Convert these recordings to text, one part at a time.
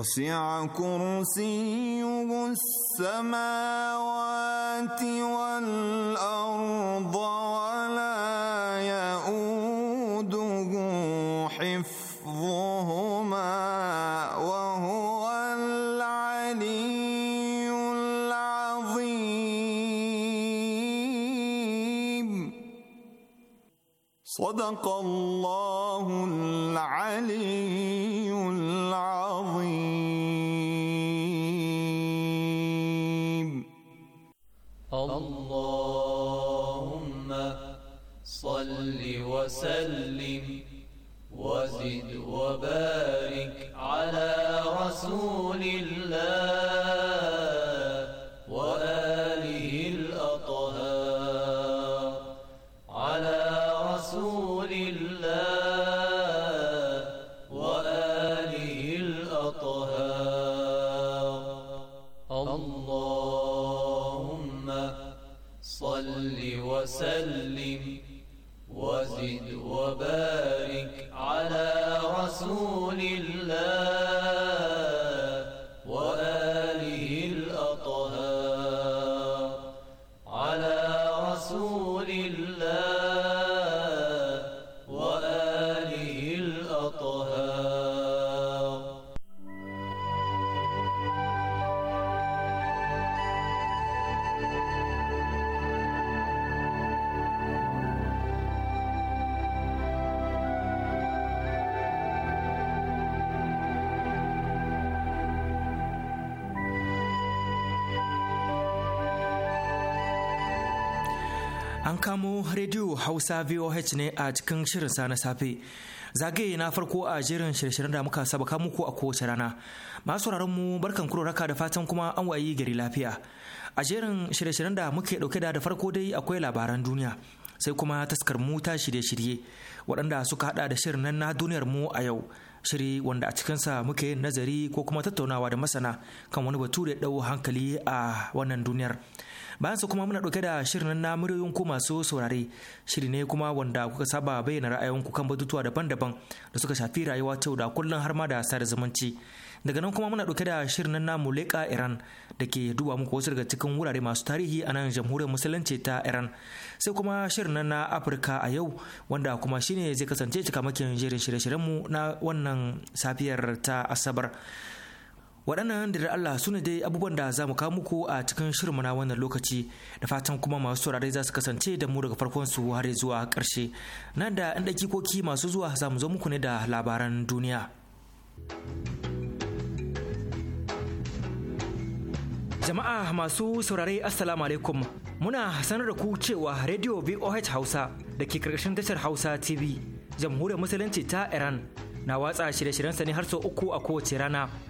وسع كرسيه السماوات وبارك kamo rediyo Hausa VOH ne a cikin shirin sa na safe. Zagaye na farko a jerin shirye-shiryen da muka saba muku a kowace rana. Masu mu barkan kuro raka da fatan kuma an wayi gari lafiya. A jerin shirye da muke dauke da da farko dai akwai labaran duniya. Sai kuma taskar mu ta shirye-shirye waɗanda suka hada da shirin nan na duniyar mu a yau. Shiri wanda a cikinsa muke yin nazari ko kuma tattaunawa da masana kan wani batu da ya dau hankali a wannan duniyar. bayan su kuma muna dauke da shirin na muryoyin ku masu saurare shiri ne kuma wanda kuka saba bayyana ra'ayoyinku kan batutuwa daban-daban da suka shafi rayuwa ta da kullum har ma da sada zumunci daga nan kuma muna ɗauke da shirin na muleka iran da ke duba muku wasu daga cikin wurare masu tarihi a nan jamhuriyar musulunci ta iran sai kuma shirin na afirka a yau wanda kuma shine zai kasance cikamakin jerin shirye-shiryenmu na wannan safiyar ta asabar waɗannan da Allah su ne dai abubuwan da za mu kawo muku a cikin shirin na wannan lokaci da fatan kuma masu saurare za su kasance da mu daga farkon su har zuwa ƙarshe na da ɗan dakikoki masu zuwa za mu zo muku ne da labaran duniya jama'a masu saurare assalamu alaikum muna sanar da ku cewa radio voh hausa da ke karkashin tashar hausa tv jamhuriyar musulunci ta iran na watsa shirye-shiryensa ne har sau uku a kowace rana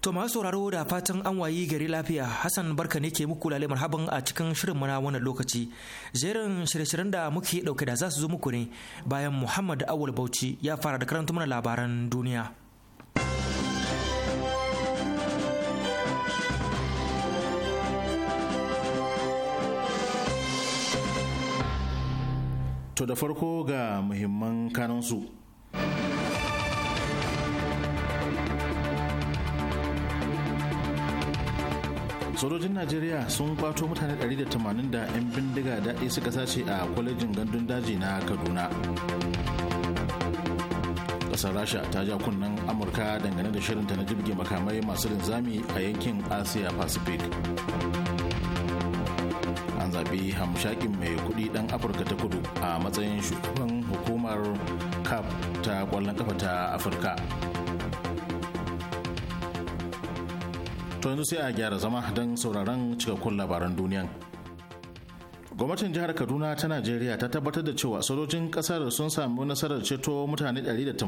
To masu sauraro da fatan an wayi gari lafiya Hassan barka ne ke muku lalle marhaban a cikin shirin mana wannan lokaci. Jerin shirye-shiryen da muke dauke da za su zo muku ne bayan Muhammad Awul Bauchi ya fara da karanta mana labaran duniya. To da farko ga muhimman kanansu. sojojin najeriya sun kwato mutane 180 da 'yan bindiga daɗi suka sace a kwalejin gandun daji na kaduna ƙasar rasha ta ja kunnen amurka dangane da shirinta na jirgin makamai masu linzami a yankin asia pacific an zaɓi hamshakin mai kuɗi ɗan afirka ta kudu a matsayin shugaban hukumar cap ta ƙwallon kafa ta afirka to yanzu sai a gyara zama don sauraron cikakkun labaran duniyan gwamnatin jihar kaduna ta najeriya ta tabbatar da cewa sojojin kasar sun samu nasarar ceto mutane 180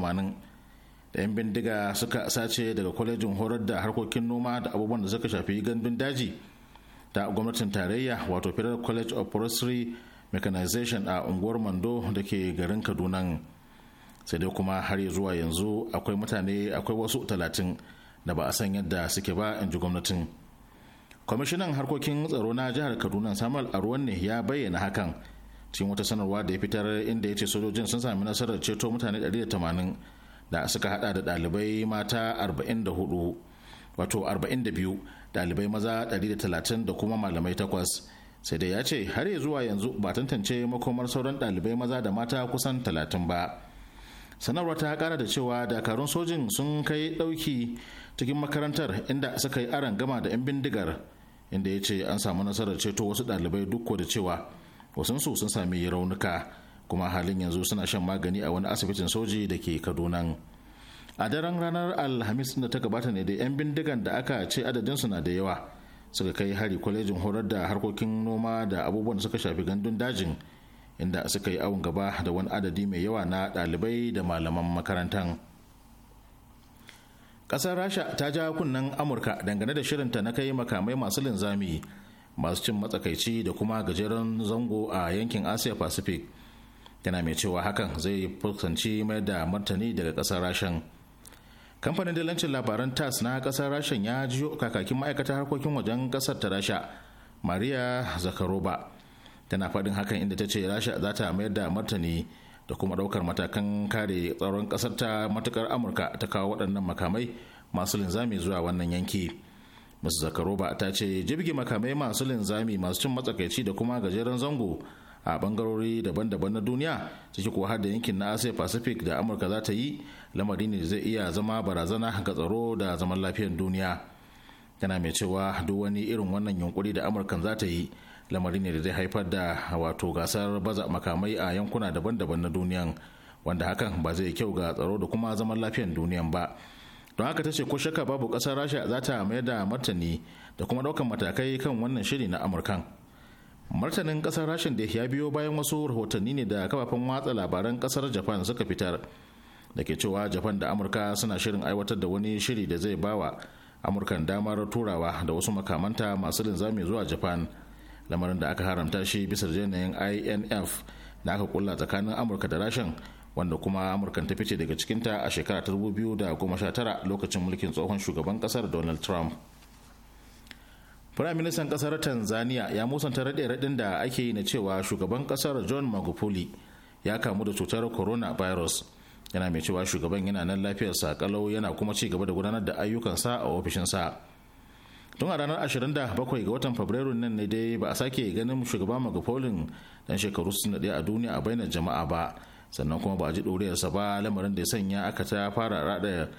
da 'yan bindiga suka sace daga kwalejin horar da harkokin noma da abubuwan da suka shafi gandun daji ta gwamnatin tarayya wato federal college of forestry mechanization a unguwar mando da ke garin kaduna sai dai kuma har zuwa yanzu akwai mutane akwai wasu talatin da ba a san yadda suke ba in ji gwamnatin kwamishinan harkokin tsaro na jihar kaduna samuel arwan ne ya bayyana hakan cikin wata sanarwa da ya fitar inda ya ce sojojin sun sami nasarar ceto mutane 180 da suka hada da dalibai mata 44 wato 42 dalibai maza 130 da kuma malamai takwas sai dai ya ce har ya zuwa yanzu ba tantance makomar sauran dalibai maza da mata kusan 30 ba sanarwa ta kara da cewa dakarun sojin sun kai dauki cikin makarantar inda suka yi aron gama da 'yan bindigar inda ya ce an samu nasarar ceto wasu dalibai duk da cewa wasansu sun sami raunuka kuma halin yanzu suna shan magani a wani asibitin soji da ke kaduna a daren ranar alhamis da ta gabata ne da 'yan bindigan da aka ce adadinsu na da yawa suka kai hari kwalejin horar da harkokin noma da abubuwan suka shafi gandun dajin inda suka yi awon gaba da wani adadi mai yawa na ɗalibai da malaman makarantar. Ƙasar rasha ta ja kunnen amurka dangane da shirinta na kai makamai masu linzami masu cin matsakaici da kuma gajeren zango a yankin asia pacific tana mai cewa hakan zai fuskanci mai da martani daga ƙasar rashan kamfanin dalancin labaran tas na ƙasar rashan ya jiyo kakakin ma'aikatar harkokin wajen ƙasar ta rasha maria zakaroba tana faɗin hakan inda ta ce rasha za ta mayar da martani da kuma daukar matakan kare tsaron kasar ta matukar amurka ta kawo waɗannan makamai masu linzami zuwa wannan yanki musu zakaroba ta ce jirgin makamai masu linzami masu cin matsakaici da kuma gajeren zango a bangarori daban-daban na duniya ciki kuwa har da yankin na asia pacific da amurka za ta yi lamari ne zai iya zama barazana ga tsaro da zaman lafiyar duniya yana mai cewa duk wani irin wannan yunkuri da amurkan za ta yi lamari ne da zai haifar da wato gasar baza makamai a yankuna daban-daban na duniyan wanda hakan ba zai kyau ga tsaro da kuma zaman lafiyan duniyan ba don haka ta ce ko shakka babu kasar rasha za ta mayar da martani da kuma daukan matakai kan wannan shiri na amurkan martanin kasar rashin da ya biyo bayan wasu rahotanni ne da kafafen watsa labaran kasar japan suka fitar da ke cewa japan da amurka suna shirin aiwatar da wani shiri da zai bawa amurkan damar turawa da wasu makamanta masu linzami zuwa japan lamarin da aka haramta shi bisa yanayin inf da aka kulla tsakanin amurka da rashin wanda kuma amurkan ta fice daga cikinta a shekara ta 2019 lokacin mulkin tsohon shugaban kasar donald trump firaministan kasar tanzania ya musanta raɗe-raɗin da ake yi na cewa shugaban kasar john magufuli ya kamu da cutar corona virus yana mai cewa shugaban yana nan lafiyarsa kalau yana kuma ci gaba da gudanar da ayyukansa a ofishinsa tun a ranar 27 ga watan fabrairu nan ne dai ba a sake ganin shugaba magafolin dan shekaru 61 a duniya a bainar jama'a ba sannan kuma ba a ji ɗoriyarsa ba lamarin da ya sanya aka ta fara rada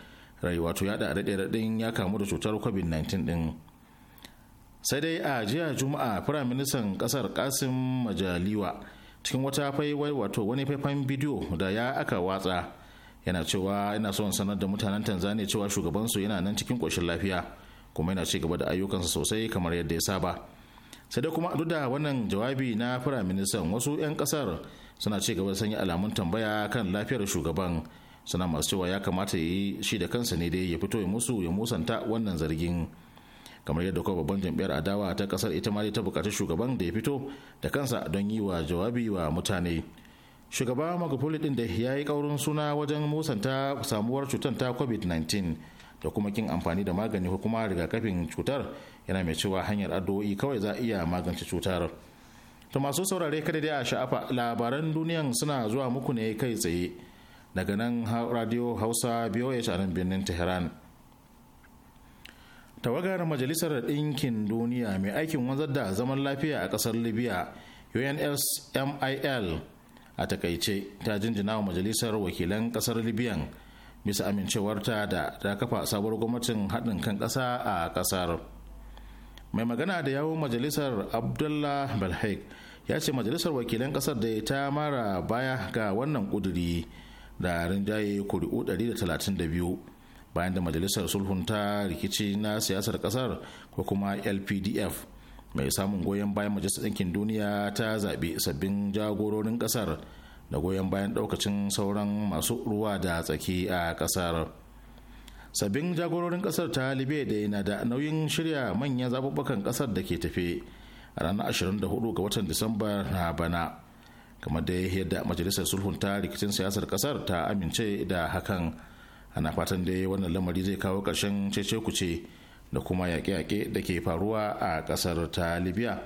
rayuwa to yada da raɗin ya kamu da cutar covid-19 din sai dai a jiya juma'a firaministan kasar kasim majaliwa cikin wata faiwai wato wani faifan bidiyo da ya aka watsa yana cewa ina son sanar da mutanen tanzania cewa shugabansu yana nan cikin ƙoshin lafiya kuma yana ci gaba da ayyukansa sosai kamar yadda ya saba sai dai kuma duk da wannan jawabi na firaministan wasu 'yan kasar suna ci gaba da sanya alamun tambaya kan lafiyar shugaban suna masu cewa ya kamata ya yi shi da kansa ne dai ya fito ya musu ya musanta wannan zargin kamar yadda kuma babban jam'iyyar adawa ta kasar ita ma ta bukaci shugaban da ya fito da kansa don yi wa jawabi wa mutane shugaba magufuli din da ya yi kaurin suna wajen musanta samuwar cutar ta covid-19 da kuma kin amfani da magani ko kuma rigakafin cutar yana mai cewa hanyar addu'o'i kawai za iya magance cutar to masu saurare kada dai a sha'afa labaran duniyan suna zuwa muku ne kai tsaye daga nan radio hausa voh a nan birnin tehran tawagar majalisar ɗinkin duniya mai aikin wanzar da zaman lafiya a ƙasar libya unsmil a takaice ta jinjina wa majalisar wakilan ƙasar libyan bisa amincewarta da ta kafa sabuwar gwamnatin haɗin kan ƙasa a ƙasar mai magana da yawon majalisar abdullah balhaik ya ce majalisar wakilan ƙasar da ta mara baya ga wannan ƙuduri da rinjaye kuri'u 132 bayan da majalisar sulhun ta rikici na siyasar ƙasar ko kuma lpdf mai samun goyon bayan majalisar ɗinkin duniya ta zaɓi sabbin jagororin ƙasar da goyon bayan daukacin sauran masu ruwa da tsaki a kasar sabbin jagororin kasar ta libya da yana da nauyin shirya manyan zaɓuɓɓukan kasar da ke tafe a ranar 24 ga watan disamba na bana kamar da yadda majalisar sulhun ta rikicin siyasar kasar ta amince da hakan ana fatan da wannan lamari zai kawo ƙarshen cece kuce da kuma yaƙe-yaƙe da ke faruwa a kasar ta libya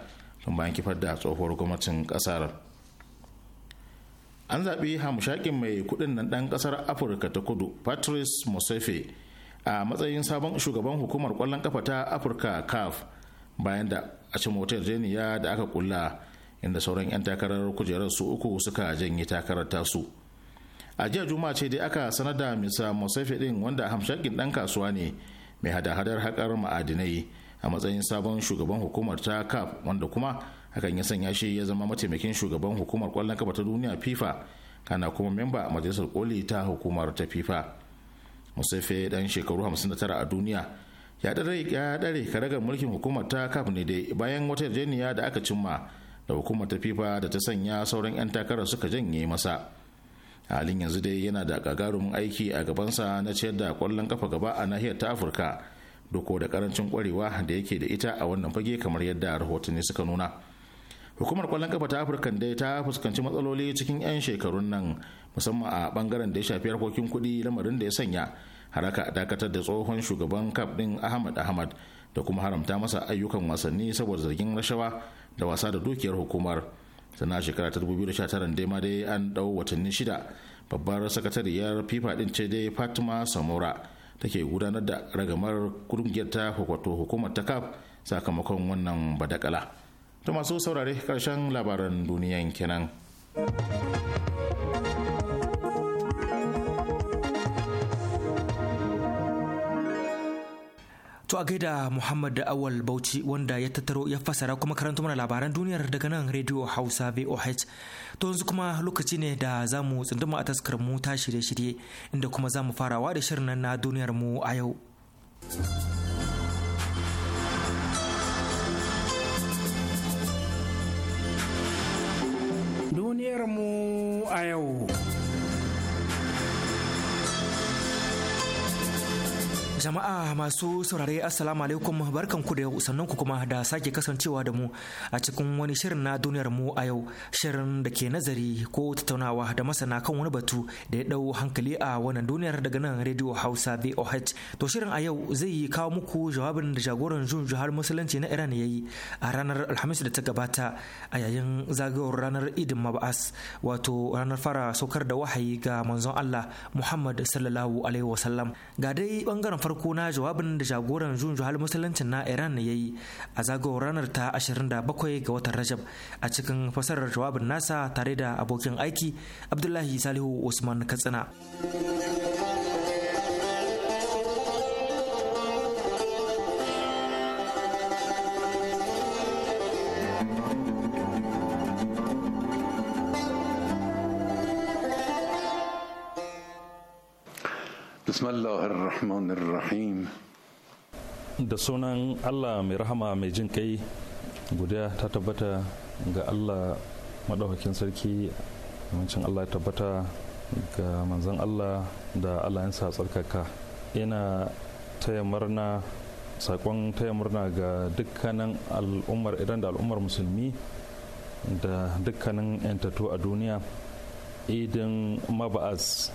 tun bayan kifar da tsohuwar gwamnatin kasar an zaɓi hamshakin mai kudin nan ɗan ƙasar afirka ta kudu patrice musefe a matsayin sabon shugaban hukumar ƙwallon kafa ta afirka caf bayan da a cin motar jeniya da aka kulla inda sauran 'yan takarar kujerar su uku suka janye takarar tasu a jiya juma'a ce dai aka sanar da misa mosefe ɗin wanda hamshakin ɗan kasuwa ne mai hada-hadar haƙar ma'adinai a matsayin sabon shugaban hukumar ta caf wanda kuma hakan ya sanya shi ya zama mataimakin shugaban hukumar kwallon kafa ta duniya fifa kana kuma memba a majalisar koli ta hukumar ta fifa musaife dan shekaru 59 a duniya ya dare karagar mulkin hukumar ta kaf ne dai bayan wata yarjejeniya da aka cimma da hukumar ta fifa da ta sanya sauran 'yan takarar suka janye masa halin yanzu dai yana da gagarumin aiki a gabansa na ciyar da kwallon kafa gaba a nahiyar ta afirka doko da karancin kwarewa da yake da ita a wannan fage kamar yadda rahotanni suka nuna. hukumar kwallon kafa ta afirka dai ta fuskanci matsaloli cikin 'yan shekarun nan musamman a bangaren da ya shafi harkokin kuɗi lamarin da ya sanya haraka a dakatar da tsohon shugaban kaf din ahmad ahmad da kuma haramta masa ayyukan wasanni saboda zargin rashawa da wasa da dukiyar hukumar sana shekara ta 2019 dai ma dai an dau watanni shida babbar sakatariyar fifa din ce dai fatima samora take gudanar da ragamar kungiyar ta hukumar ta kaf sakamakon wannan badakala. to masu saurare karshen labaran duniyan kenan To a gaida Muhammad da Awal Bauchi wanda ya tattaro ya fasara kuma karanta mana labaran duniyar daga nan Radio Hausa VOH. To yanzu kuma lokaci ne da za mu tsunduma a taskar mu ta shirye-shirye inda kuma za mu farawa da shirin na duniyar mu a yau. mu a yau. Jama'a masu saurare Assalamu alaikum barkan ku da yau sannan ku kuma da sake kasancewa da mu a cikin wani shirin na duniyar mu a yau shirin da ke nazari ko tattaunawa da masana kan wani batu da ya dau hankali a wannan duniyar daga nan Radio Hausa VOH to shirin a yau zai yi kawo muku jawabin da jagoran jun jihar musulunci na Iran yayi a ranar Alhamis da ta gabata a yayin zagayowar ranar Idin Mab'as wato ranar fara saukar da wahayi ga manzon Allah Muhammad sallallahu alaihi wasallam ga dai bangaren farko na jawabin da jagoran jun juhal musuluncin na iran ya yi a zagawar ranar ta 27 ga watan rajab a cikin fasarar jawabin nasa tare da abokin aiki abdullahi salihu usman katsina الرحيم da sunan allah mai rahama mai jin kai guda ta tabbata ga allah madaukakin sarki yawancin allah ya tabbata ga manzan allah da allah ya sa tsarkaka ina taya murna sakon taya murna ga dukkanin al'ummar idan da al'ummar musulmi da dukkanin 'yantattu a duniya idin maba'az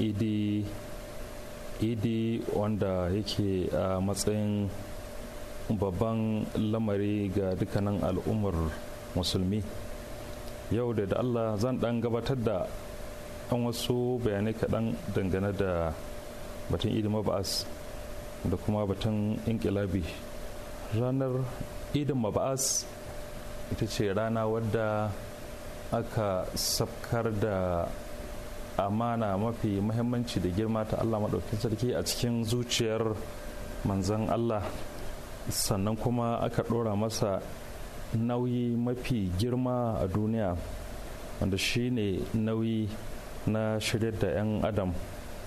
idi idi wanda yake a matsayin babban lamari ga dukkanin al'ummar musulmi yau da da allah zan dan gabatar da an wasu bayanai kaɗan dangane da batun idi maba'as da kuma batun inkilabi ranar idin maba'as ita ce rana wadda aka safkar da amana mafi muhimmanci da girma ta allah maɗaukin sarki a cikin zuciyar manzan allah sannan kuma aka ɗora masa nauyi mafi girma a duniya wanda shi ne nauyi na shirya da 'yan adam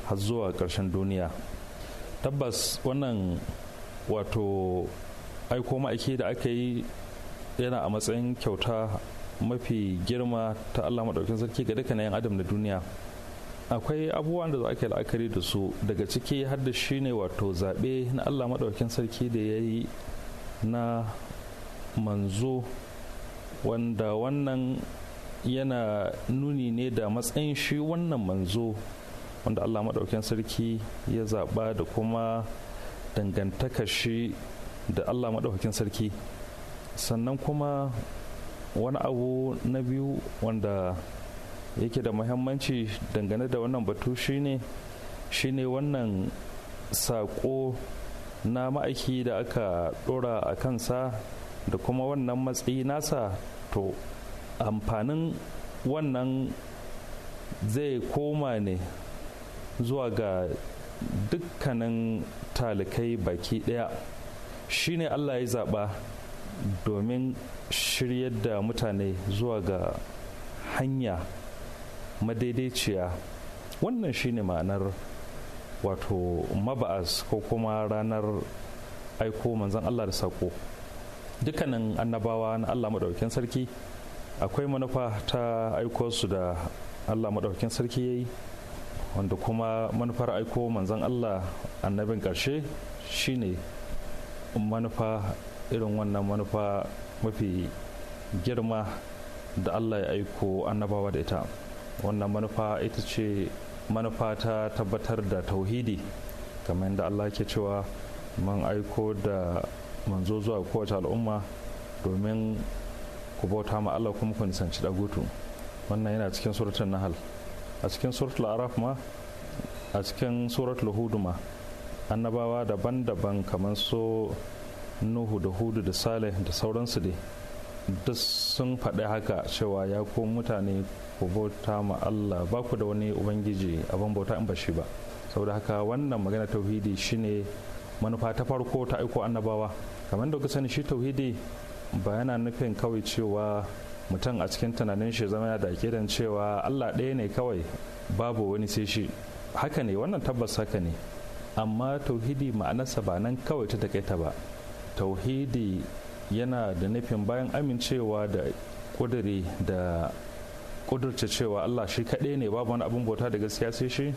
har zuwa ƙarshen duniya tabbas wannan wato aiko ma'aiki da aka yi yana a matsayin kyauta mafi girma ta allah maɗaukin sarki ga dukkanin 'yan adam na duniya akwai abubuwan da za ake la'akari da su daga ciki har da shi ne wato zaɓe na allah maɗaukin sarki da ya yi na manzo wanda wannan yana nuni ne da matsayin shi wannan manzo wanda allah maɗaukin sarki ya zaɓa da kuma dangantaka shi da allah maɗaukin sarki sannan kuma wani abu na biyu wanda yake da muhimmanci dangane da wannan batu shine shine wannan saƙo na ma'aiki da aka ɗora a kansa da kuma wannan matsayi nasa to amfanin wannan zai koma ne zuwa ga dukkanin talikai baki ɗaya shine allah ya zaba domin shiryar da mutane zuwa ga hanya madaidaiciya wannan shine ma'anar wato maba'as ko kuma ranar aiko manzan allah da sako dukkanin annabawa na allah maɗaukin sarki akwai manufa ta aiko su da allah maɗaukin sarki ya yi wanda kuma manufar aiko manzan allah annabin ƙarshe shine manufa irin wannan manufa mafi girma da allah ya aiko annabawa da ita wannan manufa ita ce manufa ta tabbatar da tauhidi kamar yadda allah ke cewa man aiko da manzo zuwa kowace al'umma domin ku bauta ma allah kuma ku nisanci dagutu wannan yana cikin suratul nahal a cikin suratul araf ma a cikin suratul hudu ma annabawa daban-daban kamar su nuhu da hudu da saleh da sauransu dai duk sun faɗi haka cewa ya ko mutane ku bauta ma Allah ba ku da wani ubangiji abin bauta in ba shi ba saboda haka wannan magana tauhidi shine manufa ta farko ta aiko annabawa kamar da ku sani shi tauhidi ba yana nufin kawai cewa mutum a cikin tunanin shi zama da akidan cewa Allah ɗaya ne kawai babu wani sai shi haka ne wannan tabbas haka ne amma tauhidi ma'anarsa ba nan kawai ta takaita ba tauhidi yana da nufin bayan amincewa da kudure da kudurce cewa allah shi kaɗai ne babu wani abin bauta da gaskiya sai shi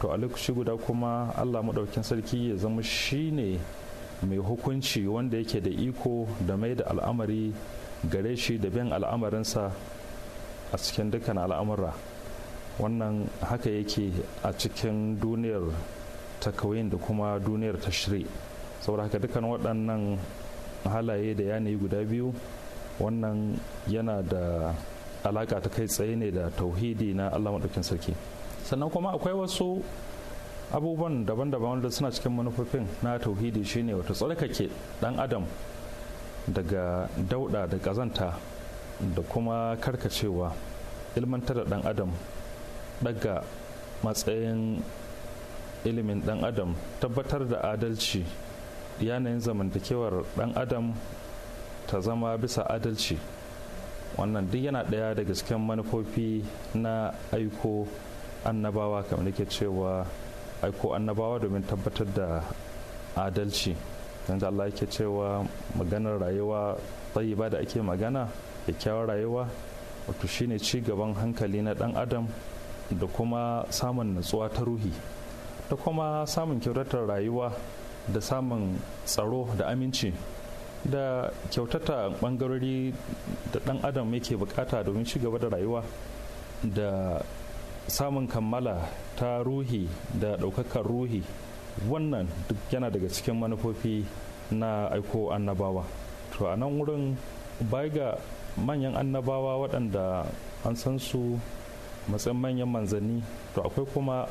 to a lokaci guda kuma allah maɗaukin sarki ya zama shi ne mai hukunci wanda yake da iko da mai da al'amari gare shi da bin al'amarinsa a cikin dukkan al'amura wannan haka yake a cikin duniyar ta da kuma duniyar ta shirya saboda haka dukkan waɗannan halaye da yanayi guda biyu wannan yana da alaka ta kai tsaye ne da tauhidi na allah maɗaukin sarki sannan kuma akwai wasu abubuwan daban-daban wanda suna cikin manufofin na tauhidi shine wata tsarkake ɗan adam daga dauɗa da ƙazanta da kuma karkacewa ilmantar da dan adam daga matsayin ilimin ɗan adam tabbatar da adalci yanayin zamantakewar dan adam ta zama bisa adalci wannan duk yana ɗaya daga cikin manufofi na aiko annabawa kamar ke cewa aiko annabawa domin tabbatar da adalci don da Allah yake cewa maganar rayuwa ba da ake magana kyakkyawar rayuwa wato shine ci gaban hankali na dan adam da kuma samun natsuwa ta ruhi ta kuma samun kyautatar rayuwa da samun tsaro da aminci da kyautata bangarori da dan adam yake bukata domin ci gaba da rayuwa da samun kammala ta ruhi da daukakar ruhi wannan duk yana daga cikin manufofi na aiko annabawa to a nan wurin bai ga manyan annabawa waɗanda an san su matsayin manyan manzanni to akwai kuma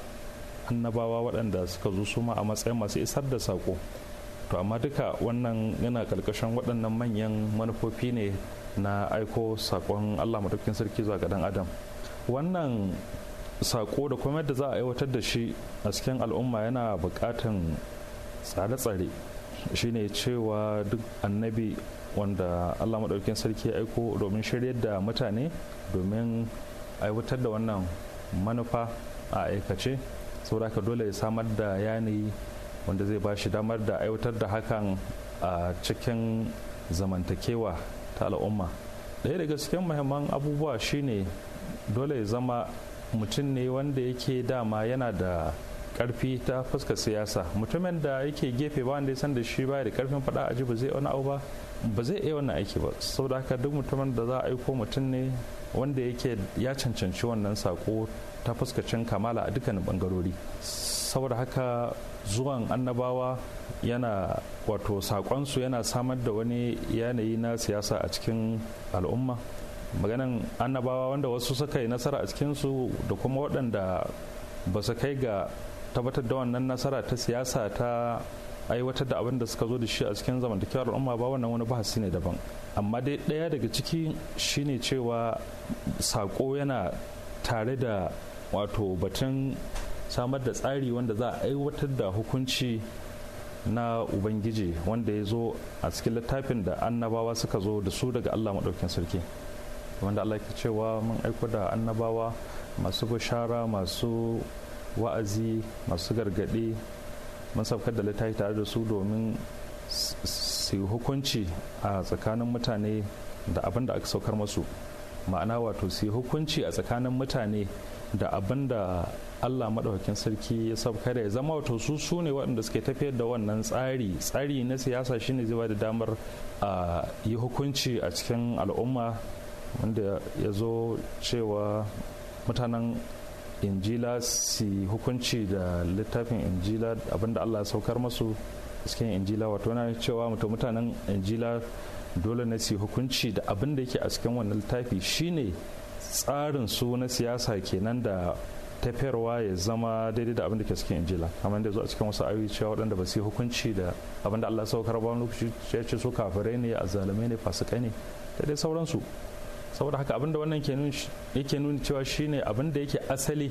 annabawa waɗanda suka zo su ma a matsayin masu isar da sako to amma duka wannan yana ƙarƙashin waɗannan manyan manufofi ne na aiko sakon allah madaukakin sarki zuwa ga dan adam wannan sako da kuma yadda za a aiwatar da shi a cikin al'umma yana buƙatan tsare-tsare shine cewa duk annabi wanda allah maɗaukin sarki ya aiko domin shiryar da mutane domin aiwatar da wannan manufa a aikace saboda dole ya samar da yanayi wanda zai ba shi damar da aiwatar da hakan a cikin zamantakewa ta al'umma ɗaya daga cikin muhimman abubuwa shine dole ya zama mutum ne wanda yake dama yana da karfi ta fuska siyasa mutumin da yake gefe ba wanda ya san da shi ba da karfin faɗa a ji ba zai wani abu ba ba zai iya wannan aiki ba saboda haka duk mutumin da za a aiko mutum ne wanda yake ya cancanci wannan sako ta fuskacin kamala a dukkanin bangarori saboda haka zuwan annabawa yana wato sakonsu yana samar da wani yanayi na siyasa a cikin al'umma maganan annabawa wanda wasu suka yi nasara a cikinsu da kuma waɗanda ba su kai ga tabbatar da wannan nasara ta siyasa ta aiwatar da abin da suka zo da shi a cikin zamantakewar al'umma ba wannan wani bahasi ne daban amma dai ɗaya daga ciki shine cewa sako yana tare da wato batun samar da tsari wanda za a aiwatar da hukunci na ubangiji wanda ya zo a cikin littafin da annabawa suka zo da su daga allah maɗaukin sarki wanda allah ke cewa mun aiko da annabawa masu bishara masu wa'azi masu gargaɗi mun saukar da littafi tare da su domin su hukunci a tsakanin mutane da abin da aka saukar masu ma'ana wato su hukunci a tsakanin mutane da abin da allah maɗaukakin sarki ya sauka da ya zama wato su su ne waɗanda suke tafiyar da wannan tsari tsari na siyasa shine zai ba da damar a yi hukunci a cikin al'umma wanda ya zo cewa mutanen injila su hukunci da littafin injila abinda allah ya saukar masu cikin injila wato na cewa mutanen injila dole na su hukunci da abin da yake a cikin wannan littafi shine tsarin su na siyasa kenan da tafiyarwa ya zama daidai da abin da ke cikin injila amma da zo a cikin wasu ayoyi cewa waɗanda ba su yi hukunci da abin da Allah saukar ba lokaci ya ce su kafirai ne azzalumai ne fasikai ne da dai sauransu saboda haka abin da wannan yake nuni cewa shine abin da yake asali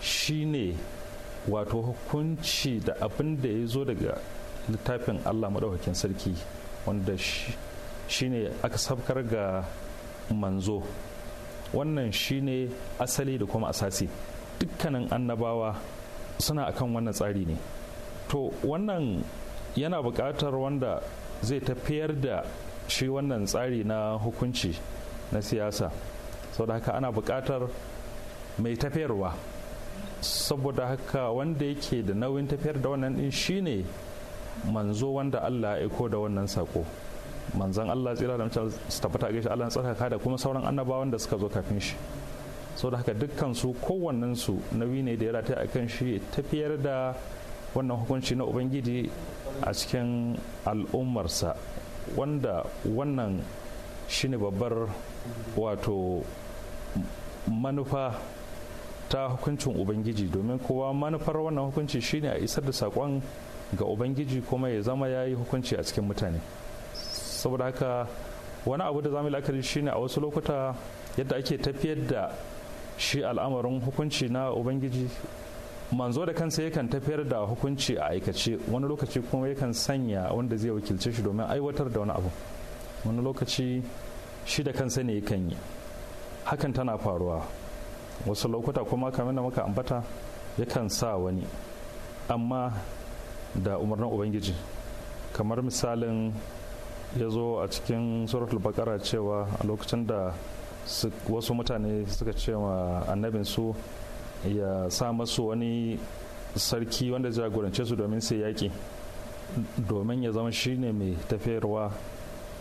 shine wato hukunci da abin da ya zo daga littafin Allah maɗaukakin sarki wanda shine aka sabkar ga manzo wannan shine asali da kuma asasi dukkanin annabawa suna akan wannan tsari ne to wannan yana buƙatar wanda zai tafiyar da shi wannan tsari na hukunci na siyasa sau da haka ana buƙatar mai tafiyarwa saboda haka wanda yake da nauyin tafiyar da wannan din shine manzo wanda allah ya aiko da wannan sako manzan Allah tsira da mutum su ta gaishe Allah tsarkaka da kuma sauran annabawan da suka zo kafin shi da haka dukkan su kowannen su nauyi ne da ya a kan shi tafiyar da wannan hukunci na ubangiji a cikin al'ummarsa wanda wannan shine babbar wato manufa ta hukuncin ubangiji domin kowa manufar wannan hukunci shine a isar da saƙon ga ubangiji kuma ya zama ya yi hukunci a cikin mutane saboda haka wani abu da zamu la'akari shine a wasu lokuta yadda ake tafiyar da shi al'amarin hukunci na ubangiji manzo da kansa yakan tafiyar da hukunci a aikace wani lokaci kuma yakan sanya wanda zai wakilce shi domin aiwatar da wani abu wani lokaci shi da kansa ne yakan yi hakan tana faruwa wasu lokuta kuma kamar da muka ambata yakan sa wani amma da umarnin ubangiji kamar misalin ya zo a cikin suratul bakara cewa a lokacin da wasu mutane suka ce wa annabin su ya sa masu wani sarki wanda jagorance su domin sai yaƙi domin ya zama shi ne mai tafiyarwa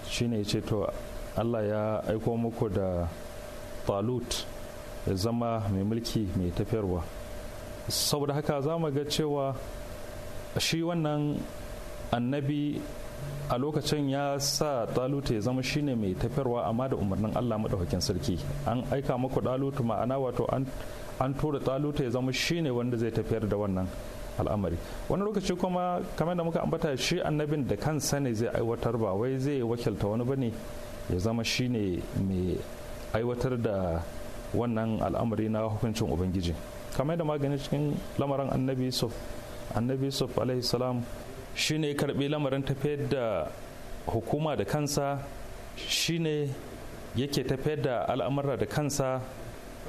shi ya ce to allah ya aiko muku da falut ya zama mai mulki mai tafiyarwa saboda haka za mu ga cewa shi wannan annabi a lokacin ya sa dalutu ya zama shine mai tafiyarwa amma da umarnin allah maɗaukakin sarki an aika maku ɗalutu ma'ana wato an tura dalutu ya zama shine wanda zai tafiyar da wannan al'amari wani lokaci kuma kamar da muka ambata shi annabin da kansa ne zai aiwatar ba wai zai wakilta wani bane ya zama shine mai aiwatar da wannan al'amari na hukuncin ubangiji kamar da magani cikin lamarin annabi yusuf annabi yusuf alaihi salam shine ya karbi lamarin tafiyar da hukuma da kansa shine yake tafiyar da al'amura da kansa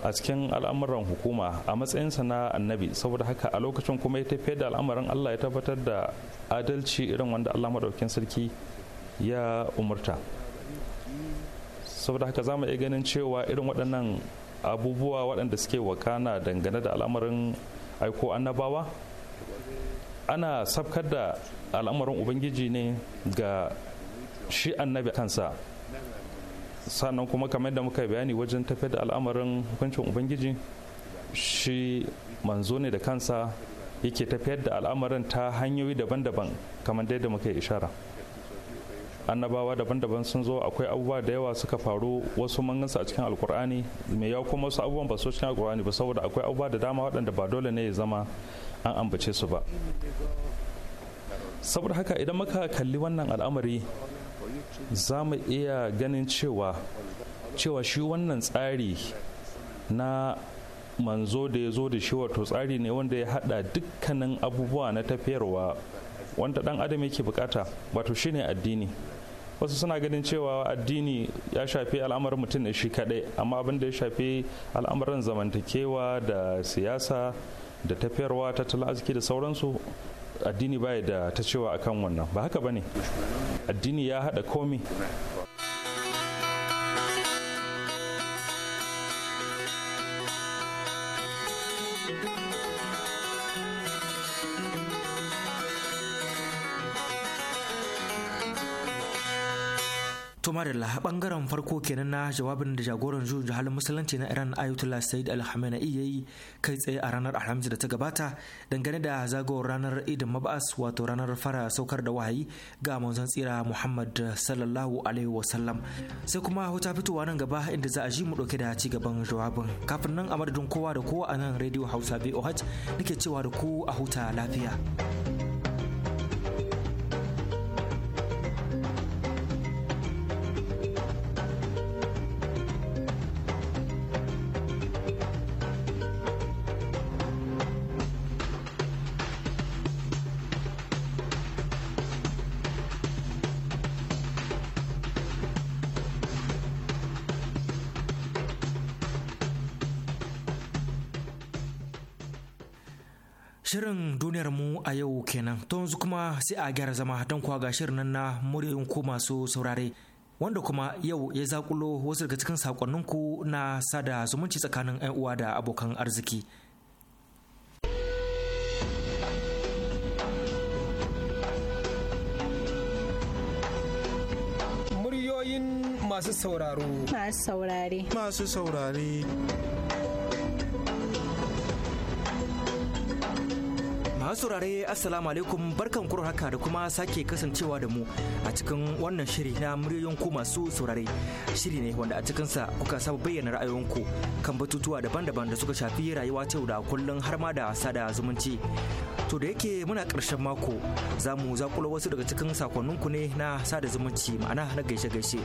a cikin al'amuran hukuma a matsayinsa na annabi saboda haka a lokacin kuma ya tafiyar da al'amarin allah ya tabbatar da adalci irin wanda allah maɗaukin sarki ya umurta saboda haka za mu iya ganin cewa irin waɗannan abubuwa waɗanda suke wakana dangane da al'amarin aiko annabawa ana sabkar da al'amarin ubangiji ne ga shi annabi kansa sannan kuma kamar da muka bayani wajen tafiya da al'amarin hukuncin ubangiji shi manzo ne da kansa yake tafiyar da al'amarin ta hanyoyi daban-daban kamar da muka yi ishara. annabawa daban-daban sun zo akwai abubuwa da yawa suka faru wasu mangansa a cikin alkur'ani mai yawa kuma wasu abubuwan ba su cikin alkur'ani ba saboda akwai abubuwa da dama waɗanda ba dole ne ya zama an ambace su ba saboda haka idan muka kalli wannan al'amari za mu iya ganin cewa cewa shi wannan tsari na manzo da ya zo da shi wato tsari ne wanda ya hada dukkanin abubuwa na tafiyarwa wanda dan adam yake bukata wato shine addini wasu suna ganin cewa addini ya shafi al'amarin mutum shi kadai amma abin da ya shafi al'amarin zamantakewa da siyasa da tafiyarwa tattalin arziki da sauransu addini baya da ta cewa akan wannan ba haka bane addini ya haɗa komi To Marilla bangaren farko kenan na jawabin da jagoran juyin halin musulunci na Iran Ayatollah Said al ya yi kai tsaye a ranar Alhamis da ta gabata dangane da zagawar ranar Idin Mab'as wato ranar fara saukar da wahayi ga manzon tsira Muhammad sallallahu alaihi wasallam. Sai kuma hota fitowa nan gaba inda za a ji mu dauke da ci gaban jawabin. Kafin nan a madadin kowa da kowa a nan Radio Hausa BOH nake cewa da ku a huta lafiya. sai a gyara zama don kuwa ga shirin nan na muryoyin ku masu saurare wanda kuma yau ya zakulo wasu daga cikin sakonninku na sada zumunci tsakanin 'yan uwa da abokan arziki. Muryoyin masu sauraro. Masu saurare. Masu saurare. Masu saurare Assalamu alaikum barkan kuro haka da kuma sake kasancewa da mu a cikin wannan shiri na muryoyin masu saurare. Shiri ne wanda a cikinsa kuka saba bayyana ra'ayoyinku kan batutuwa daban-daban da suka shafi rayuwa ta yau da kullun har ma da sada zumunci. To da yake muna karshen mako za mu zakulo wasu daga cikin sakonninku ne na sada zumunci ma'ana na gaishe-gaishe.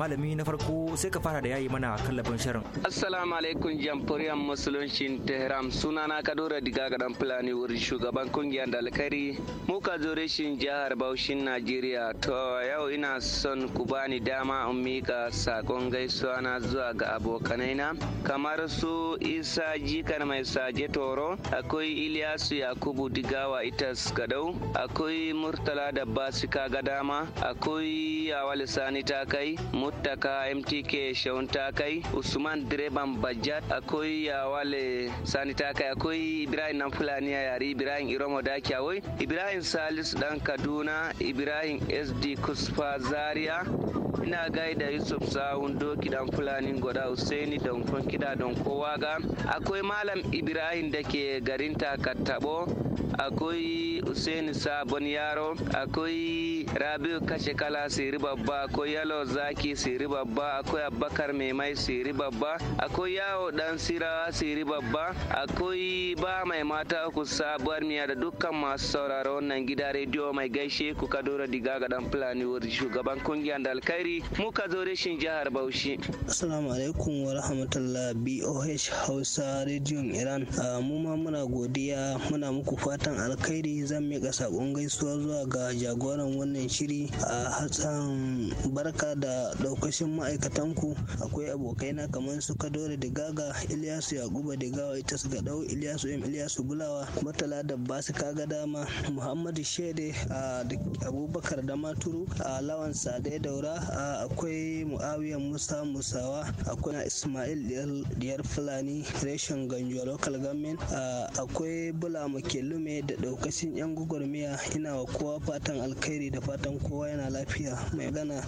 malami na farko sai ka fara da yayi mana kallabin shirin assalamu alaikum jamhuriyar musuluncin tehran sunana kadura diga ga dan fulani wuri shugaban kungiyar dalkari muka zo reshin jihar baushin najeriya to yau ina son ku bani dama in mika sakon gaisuwa na zuwa ga abokanai na kamar su isa jikar mai saje toro akwai iliyasu yakubu digawa itas gadau akwai murtala da basika ga dama akwai yawa lisani ta kai muttaka mtk shaun takai usman direban bajat akwai yawale sanita kai akwai ibrahim nan fulani yari ibrahim iromo dakiyawai ibrahim salisu dan kaduna ibrahim sd kusfa zaria ina gaida yusuf sawun doki dan fulani goda Hussaini don kida don kowa ga akwai malam ibrahim da ke garin takattabo akwai Usaini Sabon Yaro, akwai Rabiu Kashe Kala Siri Babba, akwai Yalo Zaki Siri Babba, akwai Abubakar Mai Mai Siri Babba, akwai Yawo Dan Sirawa Siri Babba, akwai Ba Mai Mata Uku Sabuwar Miya da dukkan masu sauraro wannan gida rediyo mai gaishe ku Kadora Diga ga Dan Fulani shugaban kungiyar da alkhairi ka zo reshin jihar Bauchi. Assalamu alaikum wa rahmatullah BOH Hausa rediyon Iran. Ah, mu ma muna godiya muna muku fata fatan alkhairi zan mika sakon gaisuwa zuwa ga jagoran wannan shiri a hatsan barka da daukashin ku akwai abokai na kamar su kadore da gaga ilyasu yakuba da gawa ita su gadau ilyasu m ilyasu bulawa murtala da basu kaga dama muhammadu shede a abubakar da maturu a lawan sadai daura akwai muawiya musa musawa akwai na ismail diyar fulani reshen ganjuwa local government akwai bula makelume yadda da daukacin yan gwagwarmaya ina wa kowa fatan alkhairi da fatan kowa yana lafiya mai gana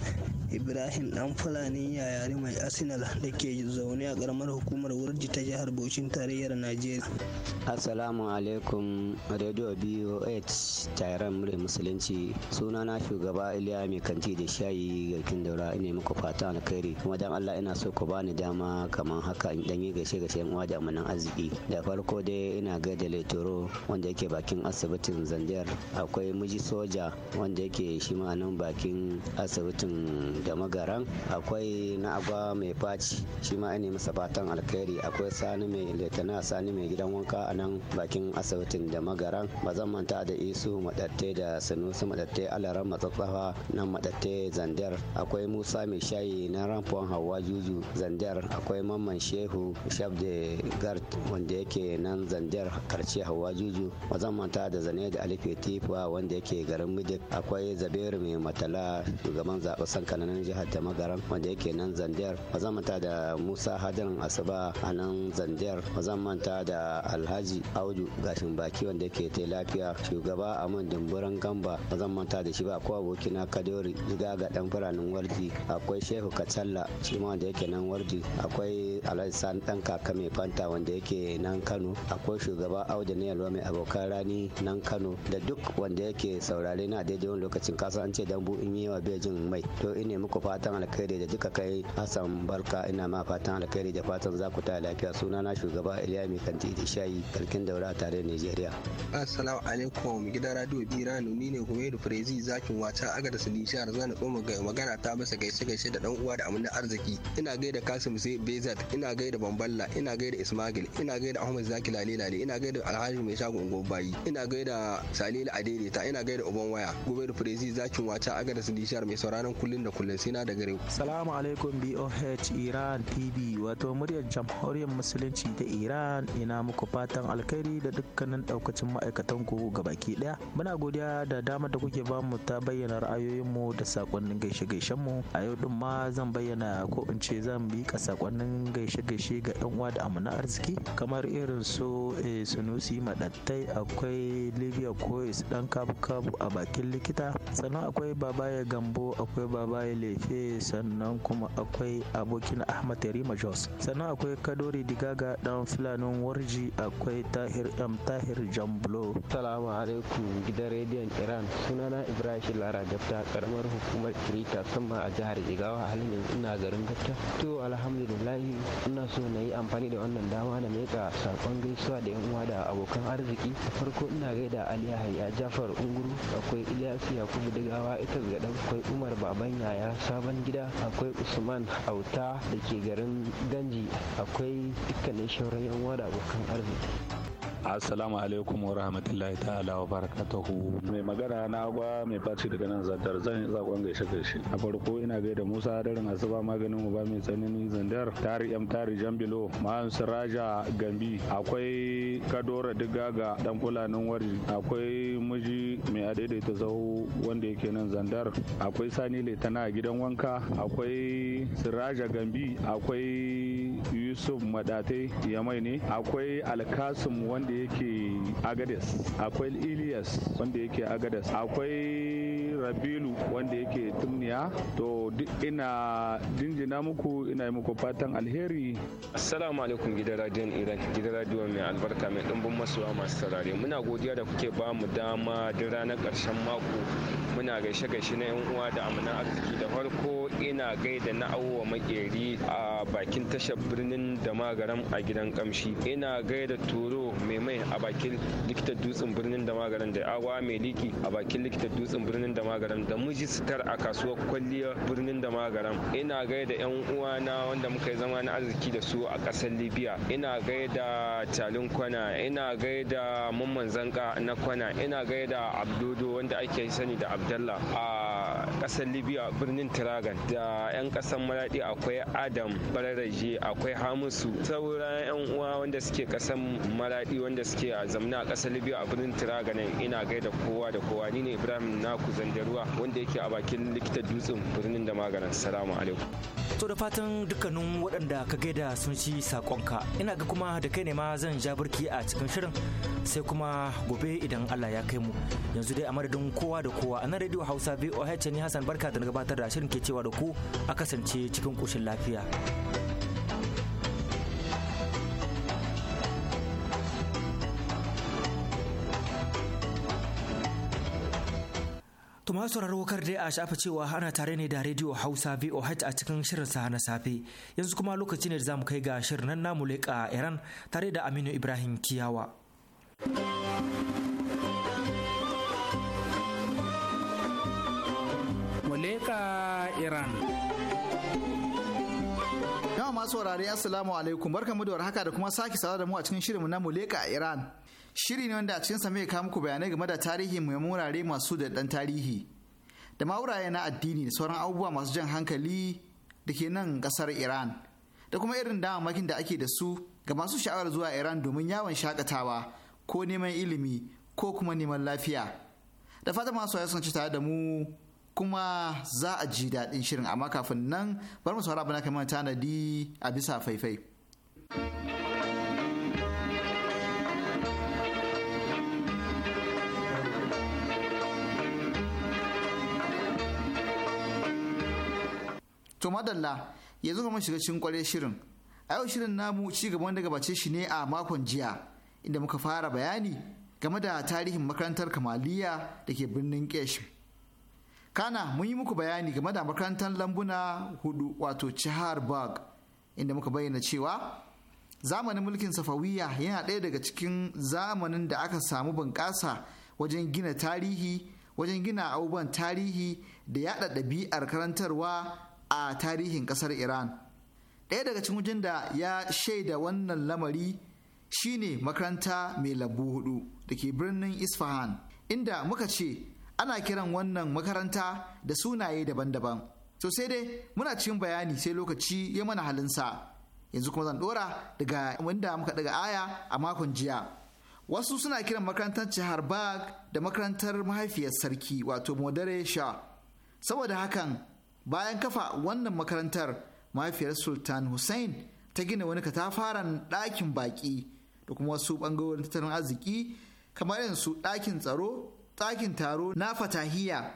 ibrahim dan fulani yayari mai arsenal da ke zaune a karamar hukumar wurji ta jihar bocin tarayyar najeriya assalamu alaikum radio boh tairan mure musulunci suna na shugaba iliya mai kanti da shayi garkin daura ina muku fatan alkhairi kuma dan allah ina so ku bani dama kamar haka in danyi gaishe gaishe yan uwa da amanan arziki da farko dai ina gaida laitoro wanda yake bakin asibitin zanjar akwai miji soja wanda yake shi ma nan bakin asibitin da magaran akwai na agwa mai faci shi ma ne masa fatan alkhairi akwai sani mai letana sani mai gidan wanka a nan bakin asibitin da magaran ba zan manta da isu madatte da sanusi madatte alaran matsatsafa nan madatte zandar akwai musa mai shayi na ramfon hawa juju zandar akwai mamman shehu shabde gart wanda yake nan zandar karce hawa juju zan manta da zane da alife tifuwa wanda yake garin mijik akwai zabiru mai matala shugaban zaɓe sanka jihar da magaran wanda yake nan zandiyar ba zan manta da musa hadirin asuba a nan zandiyar ba zan manta da alhaji audu gashin baki wanda yake ta lafiya shugaba a man dimburan gamba ba zan manta da shi ba akwai abokina kadori ziga ga dan firanin wardi akwai shehu katsalla shi ma wanda yake nan wardi akwai alhaji san dan kaka mai fanta wanda yake nan kano akwai shugaba audu ne alwa mai abokan rani nan kano da duk wanda yake saurare na daidai wani lokacin kasa an ce dambu in yi wa bejin mai to ina muku fatan alkhairi da duka kai hassan barka ina ma fatan alkhairi da fatan za ku ta lafiya suna na shugaba iliya mai kanti da shayi karkin daura tare nigeria assalamu alaikum gidan radio biranu ni ne kuma da firezi zakin wata aga da sinishiyar zan magana ta masa gaishe gaishe da dan uwa da amina arziki ina gaida kasim sai bezat ina gaida bamballa ina gaida ismagil ina gaida ahmad zaki lale ina gaida alhaji mai shagon gobe yi ina gaida salil adaidaita ina gaida uban waya gobe da firezi zakin wata agada da su dishar mai sauraron kullun da kullun sai na da gare ku salamu alaikum boh iran tv wato muryar jamhuriyar musulunci ta iran ina muku fatan alkhairi da dukkanin daukacin ma'aikatan ku ga baki daya muna godiya da damar da kuke bamu ta bayyana ra'ayoyinmu da sakonnin gaishe-gaishen mu a yau din ma zan bayyana ko in ce zan ka sakonnin gaishe-gaishe ga yan uwa da amana arziki kamar irin su eh, sunusi madattai a akwai libya koyes dan kabu-kabu a bakin likita sannan akwai babaye gambo akwai babaye lefe sannan kuma akwai abokin ahmad yarima jos sannan akwai kadori digaga dan fulanin warji akwai tahir m tahir jamblo salamu alaikum gidan rediyon iran sunana ibrahim lara gafta karamar hukumar kirita sama a jihar jigawa halin yanzu ina garin gafta to alhamdulillahi ina so na yi amfani da wannan dama na meka saƙon gaisuwa da yan uwa da abokan arziki farko ina gaida ali yahaya jafar unguru akwai ilyasu yakubu digawa ita gadan akwai umar baban yaya sabon gida akwai usman auta da ke garin ganji akwai dukkanin shauran yan wada abokan arziki assalamu alaikum wa rahmatullahi ta'ala wa barakatuhu mai magana na agwa mai faci daga nan zandar zan yi zakon gaishe gaishe a farko ina gaida musa darin asuba maganin uba mai tsanani zandar tari yam tari jan bilo ma'an siraja gambi akwai kadora diga ga dan kulanin wari, akwai miji mai adaidaita zahu wanda yake nan zandar akwai sani laitana a gidan wanka akwai siraja gambi akwai yusuf madatai yamai ne akwai alkasim wanda wanda yake agades akwai ilias wanda yake agades akwai rabilu wanda yake tumniya to ina dinjina muku ina yi muku fatan alheri assalamu alaikum gidan radiyon iran gidan radiyon mai albarka mai ɗumbin masuwa masu sarari muna godiya da kuke ba mu dama duk ranar ƙarshen mako muna gaishe gaishe na yan uwa da amana arziki da farko ina gaida na awowa makeri a bakin tashar birnin da magaram a gidan kamshi ina gaida turo mai mai a bakin likita dutsen birnin da magaram da agwa mai liki a bakin likita dutsen birnin da magaram da muji sitar a kasuwar kwalliya birnin da magaram ina gaida yan uwana wanda muka yi zama na arziki da su a ƙasar libya ina gaida calin kwana ina gaida mamman zanka na kwana ina gaida abdodo wanda ake sani da abdallah a ƙasar libya birnin tiragan da yan ƙasar maraɗi akwai adam bararraje akwai hamisu sauran yan uwa wanda suke ƙasar maraɗi wanda suke a zamna a ƙasar libya a birnin tiragan ina gaida kowa da kowa ni ne ibrahim Kuzan da ruwa wanda yake a bakin likita dutsen birnin da maganin salamu alaikum to da fatan dukkanin waɗanda ka gaida sun ci sakonka ina ga kuma da kai ne ma zan ja birki a cikin shirin sai kuma gobe idan Allah ya kai mu yanzu dai a madadin kowa da kowa a nan radio hausa voh ni hassan barka da na gabatar da shirin ke cewa da ku a kasance cikin koshin lafiya To masu kar dai a shafa cewa ana tare ne da radio Hausa VOH a cikin shirin sa na safe. Yanzu kuma lokaci ne da zamu kai ga shirin nan namu a Iran tare da Aminu Ibrahim Kiyawa. Muleka Iran. Yawan masu wurare Assalamu alaikum barkamu da warhaka da kuma sake sawa da mu a cikin shirinmu na Muleka Iran. shiri ne wanda a cikinsa mai kawo muku bayanai game da tarihi mai murare masu da dan tarihi da mawuraye na addini da sauran abubuwa masu jan hankali da ke nan kasar iran da kuma irin damamakin da ake da su ga masu sha'awar zuwa iran domin yawon shakatawa ko neman ilimi ko kuma neman lafiya da fata masu ya ci tare da mu kuma za a ji daɗin shirin amma kafin nan bar mu saurara bana kamar tanadi a bisa faifai. to madalla yanzu kuma shiga cikin kwarai shirin a yau shirin namu ci gaba wanda gabace shi ne a makon jiya inda muka fara bayani game da tarihin makarantar kamaliya da ke birnin kesh kana mun yi muku bayani game da makarantar lambuna hudu wato chihar bag inda muka bayyana cewa zamanin mulkin safawiya yana ɗaya daga cikin zamanin da aka samu bunƙasa wajen gina tarihi wajen gina abubuwan tarihi da yaɗa ɗabi'ar karantarwa a tarihin kasar iran ɗaya daga cikin wajen da ya shaida wannan lamari shine makaranta mai labu hudu da ke birnin isfahan inda muka ce ana kiran wannan makaranta da sunaye daban-daban Sosai dai muna cikin bayani sai lokaci ya mana halinsa yanzu kuma zan dora daga wanda muka daga aya a makon jiya wasu suna kiran makarantar jihar bag da makarantar mahaifiyar sarki wato modare sha saboda hakan bayan kafa wannan makarantar mahaifiyar sultan hussein ta gina wani katafaren ɗakin baƙi da kuma wasu ɓangarorin tattalin arziki kamar yansu ɗakin tsaro ɗakin taro na fatahiya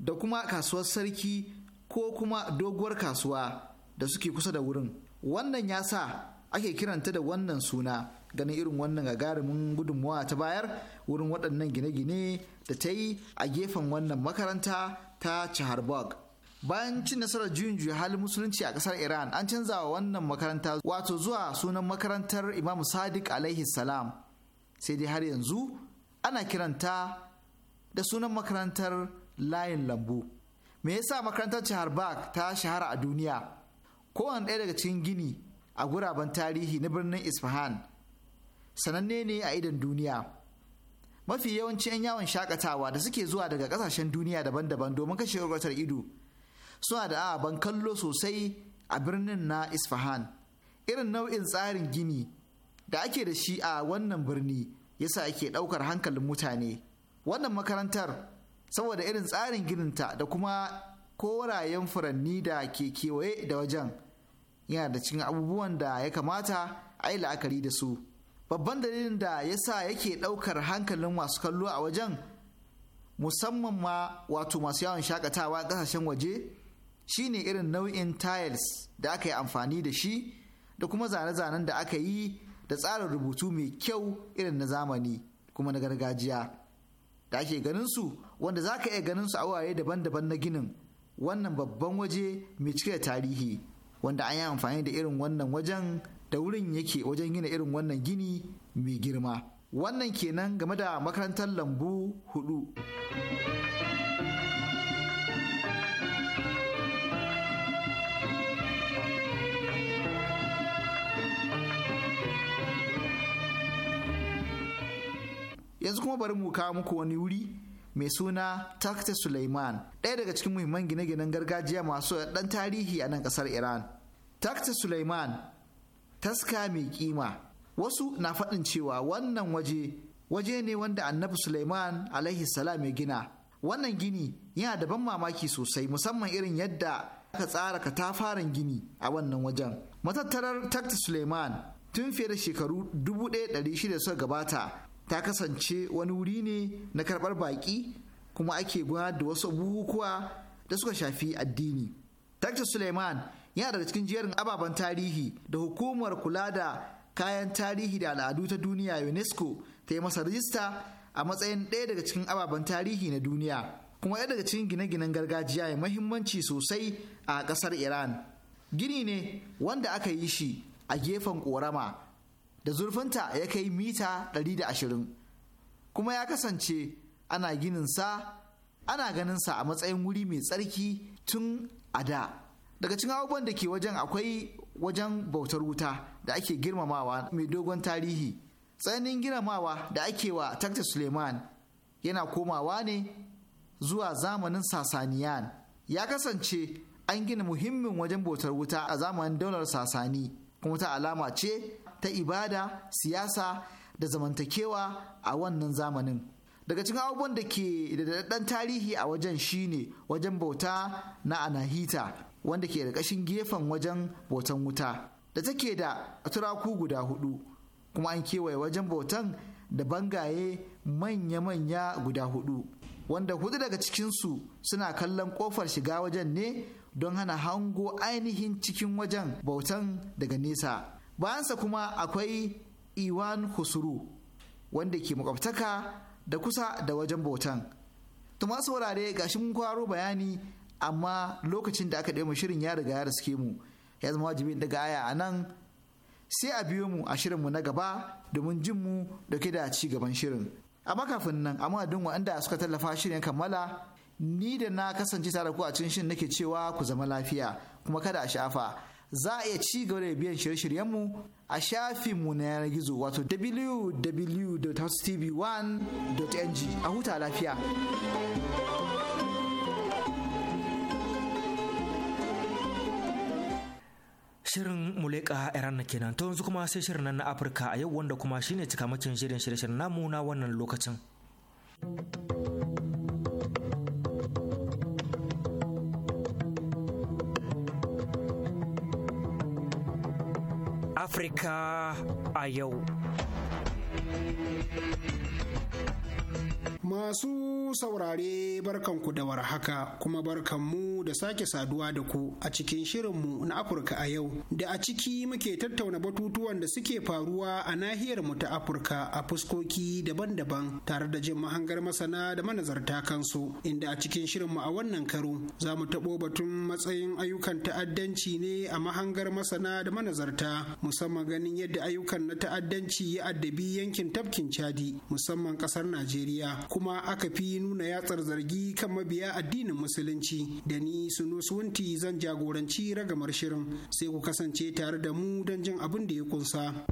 da kuma kasuwar sarki ko kuma doguwar kasuwa da suke kusa da wurin wannan ya sa ake kiranta da wannan suna ganin irin wannan gagarumin gudunmawa ta bayar wurin waɗannan gine-gine da ta yi a gefen wannan makaranta ta chaharbog bayan cin nasarar juyin juya halin musulunci a kasar iran an canza wa wannan makaranta wato zuwa sunan makarantar imam sadiq alaihi salam sai dai har yanzu ana kiranta da sunan makarantar layin lambu me yasa makarantar Bak ta shahara a duniya kowane ɗaya daga cikin gini a guraben tarihi na birnin isfahan sananne ne a idan duniya mafi yawanci 'yan yawon shakatawa da suke zuwa daga ƙasashen duniya daban-daban domin kashe ido suna da ababen kallo sosai a birnin na isfahan irin nau'in tsarin gini da ake da shi a wannan birni yasa ake ɗaukar hankalin mutane wannan makarantar saboda irin tsarin gininta da kuma korayen furanni da ke kewaye da wajen yana da cikin abubuwan da ya kamata a yi la'akari da su babban dalilin da ya sa yake ɗaukar hankalin masu kallo a wajen musamman ma wato masu yawon shakatawa ƙasashen waje shine irin nau'in tiles da aka yi amfani da shi da kuma zane-zanen da aka yi da tsarin rubutu mai kyau irin na zamani kuma na gargajiya da ake ganin su wanda za ka iya ganin su a wurare daban-daban na ginin wannan babban waje mai cike da tarihi wanda an yi amfani da irin wannan wajen da wurin yake wajen gina irin wannan gini mai girma wannan kenan game da makarantar lambu hudu. yanzu kuma bari mu kawo muku wani wuri mai suna takta suleiman ɗaya daga cikin muhimman gine-ginen gargajiya masu ɗan tarihi a nan ƙasar iran takta suleiman taska mai kima wasu na faɗin cewa wannan waje waje ne wanda annabi suleiman alaihi salam ya gina wannan gini yana da ban mamaki sosai musamman irin yadda aka tsara katafaren gini a wannan wajen matattarar takta suleiman tun fiye da shekaru 1600 suka gabata ta kasance wani wuri ne na karɓar baƙi kuma ake gudanar da wasu bukukuwa da suka shafi addini. Dr. Suleiman yana daga cikin jerin ababen tarihi da hukumar kula da kayan tarihi da al'adu ta duniya UNESCO ta yi masa rajista a matsayin ɗaya daga cikin ababen tarihi na duniya kuma ɗaya daga cikin gine-ginen gargajiya ya mahimmanci sosai a ƙasar Iran. Gini ne wanda aka yi shi a gefen ƙorama da zurfinta ya kai mita 120 kuma ya kasance ana gininsa ana ganinsa a matsayin wuri mai tsarki tun a da daga cikin abubuwan da ke wajen akwai wajen bautar wuta da ake girmamawa mai dogon tarihi tsananin girmamawa da ake wa takta suleiman yana komawa ne zuwa zamanin sasaniyan ya kasance an gina muhimmin wajen bautar wuta a zamanin daular sasani kuma ta alama ce ta ibada siyasa da zamantakewa a wannan zamanin daga cikin abubuwan da ke da daɗaɗɗen tarihi a wajen shine wajen bauta na anahita wanda ke da gefen wajen bautan wuta da take da turaku guda hudu kuma an kewaye wajen bautan da bangaye manya-manya guda hudu wanda hudu daga cikinsu suna kallon ƙofar shiga wajen ne don hana hango ainihin cikin wajen bautan daga nesa bayansa kuma akwai iwan husuru wanda ke makwabtaka da kusa da wajen bautan to masu wurare gashi mun kwaro bayani amma lokacin da aka ɗaya shirin ya riga ya riske mu ya zama wajibi daga aya a nan sai a biyo mu a shirin mu na gaba domin jin mu da ke da ci gaban shirin amma kafin nan amma duk wanda suka tallafa shirin kammala ni da na kasance tare ku a cikin shirin nake cewa ku zama lafiya kuma kada a shafa. za a iya ci gaba da biyan shirye-shiryenmu a shafin mu na yanar gizo wato www.tv1.ng a huta lafiya. Shirin Muleka Iran kenan to yanzu kuma sai shirin nan na Afirka a yau wanda kuma shine cika makin shirin shirye-shiryen namu na wannan lokacin. Afirka a yau. Masu saurare barkan ku da warhaka kuma barkanmu da sake saduwa da ku a cikin shirin mu na Afirka a yau da a ciki muke tattauna batutuwan da suke faruwa a nahiyar mu ta Afirka a fuskoki daban-daban tare da jin mahangar masana da manazarta kansu inda a cikin shirin mu a wannan karo za mu taɓo batun matsayin ayyukan ta'addanci ne a mahangar masana da manazarta musamman ganin yadda ayyukan na ta'addanci ya addabi yankin tafkin Chadi musamman ƙasar Najeriya kuma aka fi nuna yatsar zargi kan mabiya addinin musulunci da ni suno suwanti zan jagoranci ragamar shirin sai ku kasance tare da mu don jin abin da ya kunsa.